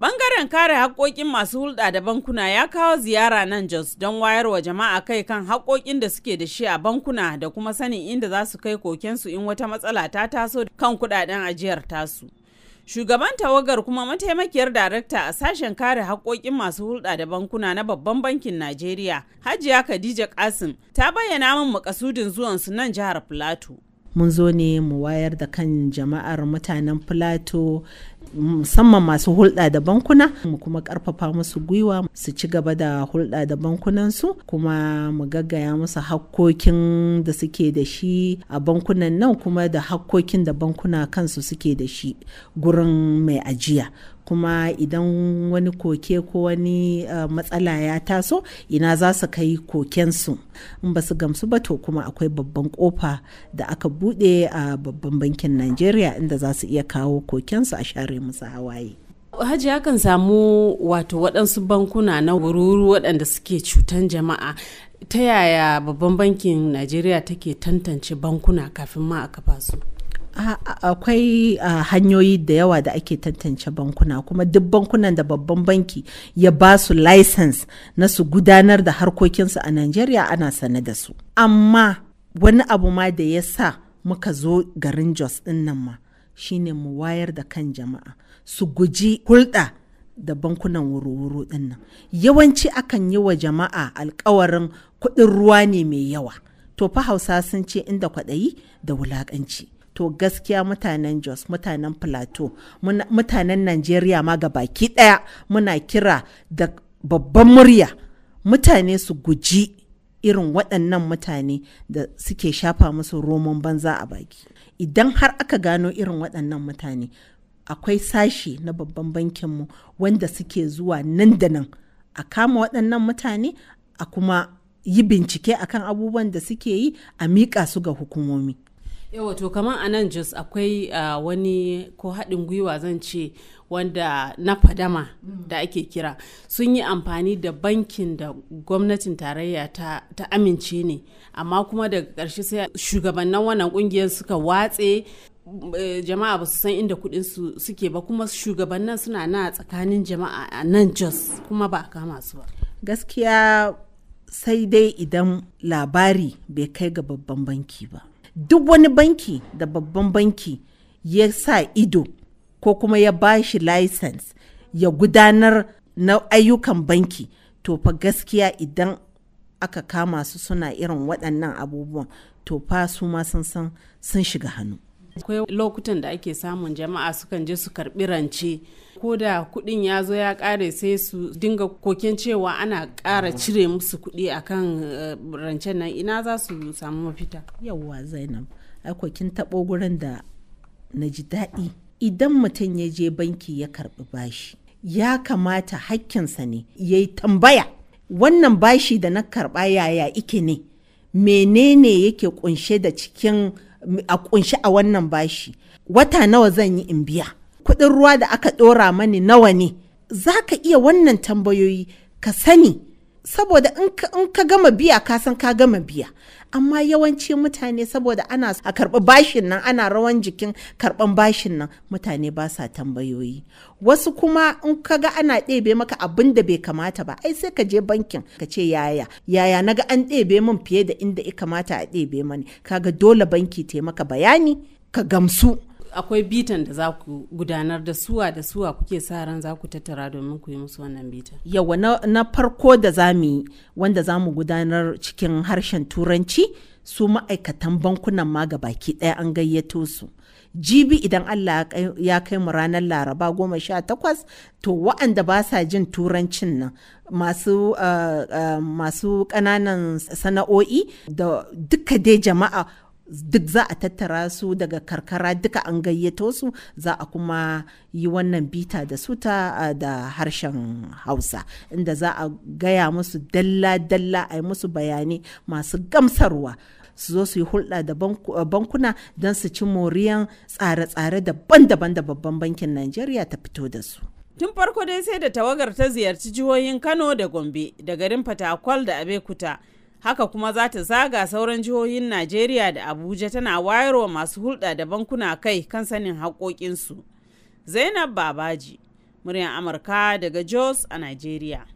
Bangaren kare haƙoƙin masu hulɗa da bankuna ya kawo ziyara nan Jos don wayar wa jama'a kai kan haƙoƙin da suke da shi a bankuna da kuma sanin inda za su kai kokensu in wata matsala ta taso kan kuɗaɗen ajiyar tasu. Shugaban tawagar kuma mataimakiyar darakta a sashen kare haƙoƙin masu hulɗa da bankuna na babban bankin Najeriya, Hajiya Khadija Kasim, ta bayyana min makasudin zuwansu nan jihar Filato. mun zo ne mu wayar da kan jama'ar mutanen filato musamman masu hulɗa da bankuna mu kuma ƙarfafa musu gwiwa su ci gaba da hulɗa da bankunansu kuma mu gaggaya musu hakkokin da suke da shi a bankunan nan kuma da hakkokin da bankuna kansu suke da shi gurin mai ajiya kuma idan wani koke ko wani eh, matsala ya taso ina za su kai kokensu in ba su gamsu ba to kuma akwai babban kofa da aka bude a babban bankin najeriya inda za su iya kawo kokensu a share musu hawaye hajji yakan samu wato waɗansu bankuna na wururu waɗanda suke cutan jama'a ta yaya babban bankin najeriya take tantance bankuna kafin ma a kafa su akwai hanyoyi da yawa da ake tantance bankuna kuma duk bankunan da babban banki ya ba su license na su gudanar da harkokinsu a Najeriya ana sane da su amma wani abu ma da ya sa muka zo garin Jos ɗin nan ma shine mu wayar da kan jama'a su guji hulɗa da bankunan wuru-wuru ɗin nan yawanci akan yi wa jama'a alkawarin kuɗin ruwa ne mai yawa to fa hausa sun ce inda kwaɗayi da wulaƙanci to gaskiya mutanen jos mutanen plateau mutanen najeriya ma ga baki daya muna kira da babban murya mutane su guji irin waɗannan mutane da suke shafa musu roman banza a baki idan har aka gano irin waɗannan mutane akwai sashi na babban bankinmu wanda suke zuwa nan da nan a kama waɗannan mutane a kuma yi bincike akan abubuwan da suke yi a miƙa su ga hukumomi yawa to kamar a nan jos akwai uh, wani ko haɗin gwiwa zan ce wanda na fadama mm. da ake kira sun yi amfani da bankin da gwamnatin tarayya ta, amince ne amma kuma daga ƙarshe sai shugabannin wannan ƙungiyar suka watse eh, jama'a ba su san inda kuɗin su suke ba kuma shugabannin suna na tsakanin jama'a a nan jos kuma ba a kama su ba gaskiya sai dai idan labari bai kai ga babban banki ba duk wani banki da babban banki ya sa ido ko kuma ya ba shi license ya gudanar na ayyukan banki to fa gaskiya idan aka kama su suna irin waɗannan abubuwan to fa su ma sun san sun shiga hannu akwai lokutan da ake samun jama'a sukan je su karbi rance ko da kudin ya zo ya kare sai su dinga koken cewa ana kara cire musu kudi akan eh, rancen nan ina za su samu mafita yawwa zainab kin tabo gurin da na ji daɗi idan mutum ya je banki ya karbi bashi ya kamata hakkinsa ne ya yi tambaya wannan bashi da na karba yaya ike ne menene yake kunshe da cikin a kunshi a wannan bashi wata nawa zan yi in biya kuɗin ruwa da aka ɗora mani nawa ne za ka iya wannan tambayoyi ka sani saboda in ka gama biya ka san ka gama biya amma yawanci mutane saboda ana a karɓi bashin nan ana rawan jikin karɓan bashin nan mutane ba sa tambayoyi wasu kuma in ka ga ana ɗebe maka abin da bai kamata ba ai sai ka je bankin ka ce yaya yaya naga an ɗebe min fiye da inda ya kamata a ɗebe mani kaga dole banki taimaka bayani ka gamsu akwai bitan da za ku gudanar da suwa da suwa kuke sa ran za ku tattara domin ku yi musu wannan bitan yawa na, farko da za mu yi wanda za mu gudanar cikin harshen turanci su ma'aikatan bankunan ma ga baki ɗaya an gayyato su jibi idan allah ya kai mu ranar laraba goma sha takwas to wa'anda ba sa jin turancin nan masu eh, eh, masu ƙananan sana'o'i da duka dai jama'a duk za a tattara su daga karkara duka an gayyato su za a kuma yi wannan bita da suta da harshen hausa inda za a gaya musu dalla-dalla a yi musu bayanai masu gamsarwa su zo su yi hulɗa da bankuna don su ci moriyan tsare-tsare daban-daban da babban bankin najeriya ta fito da su Tun farko dai sai da tawagar ta ziyarci jihohin Kano da Gombe da garin Fatakwal da Abekuta haka kuma za ta zaga sauran jihohin najeriya da abuja tana wayarwa masu hulɗa da bankuna kai kan sanin haƙoƙinsu zainab babaji muryan amurka daga jos a najeriya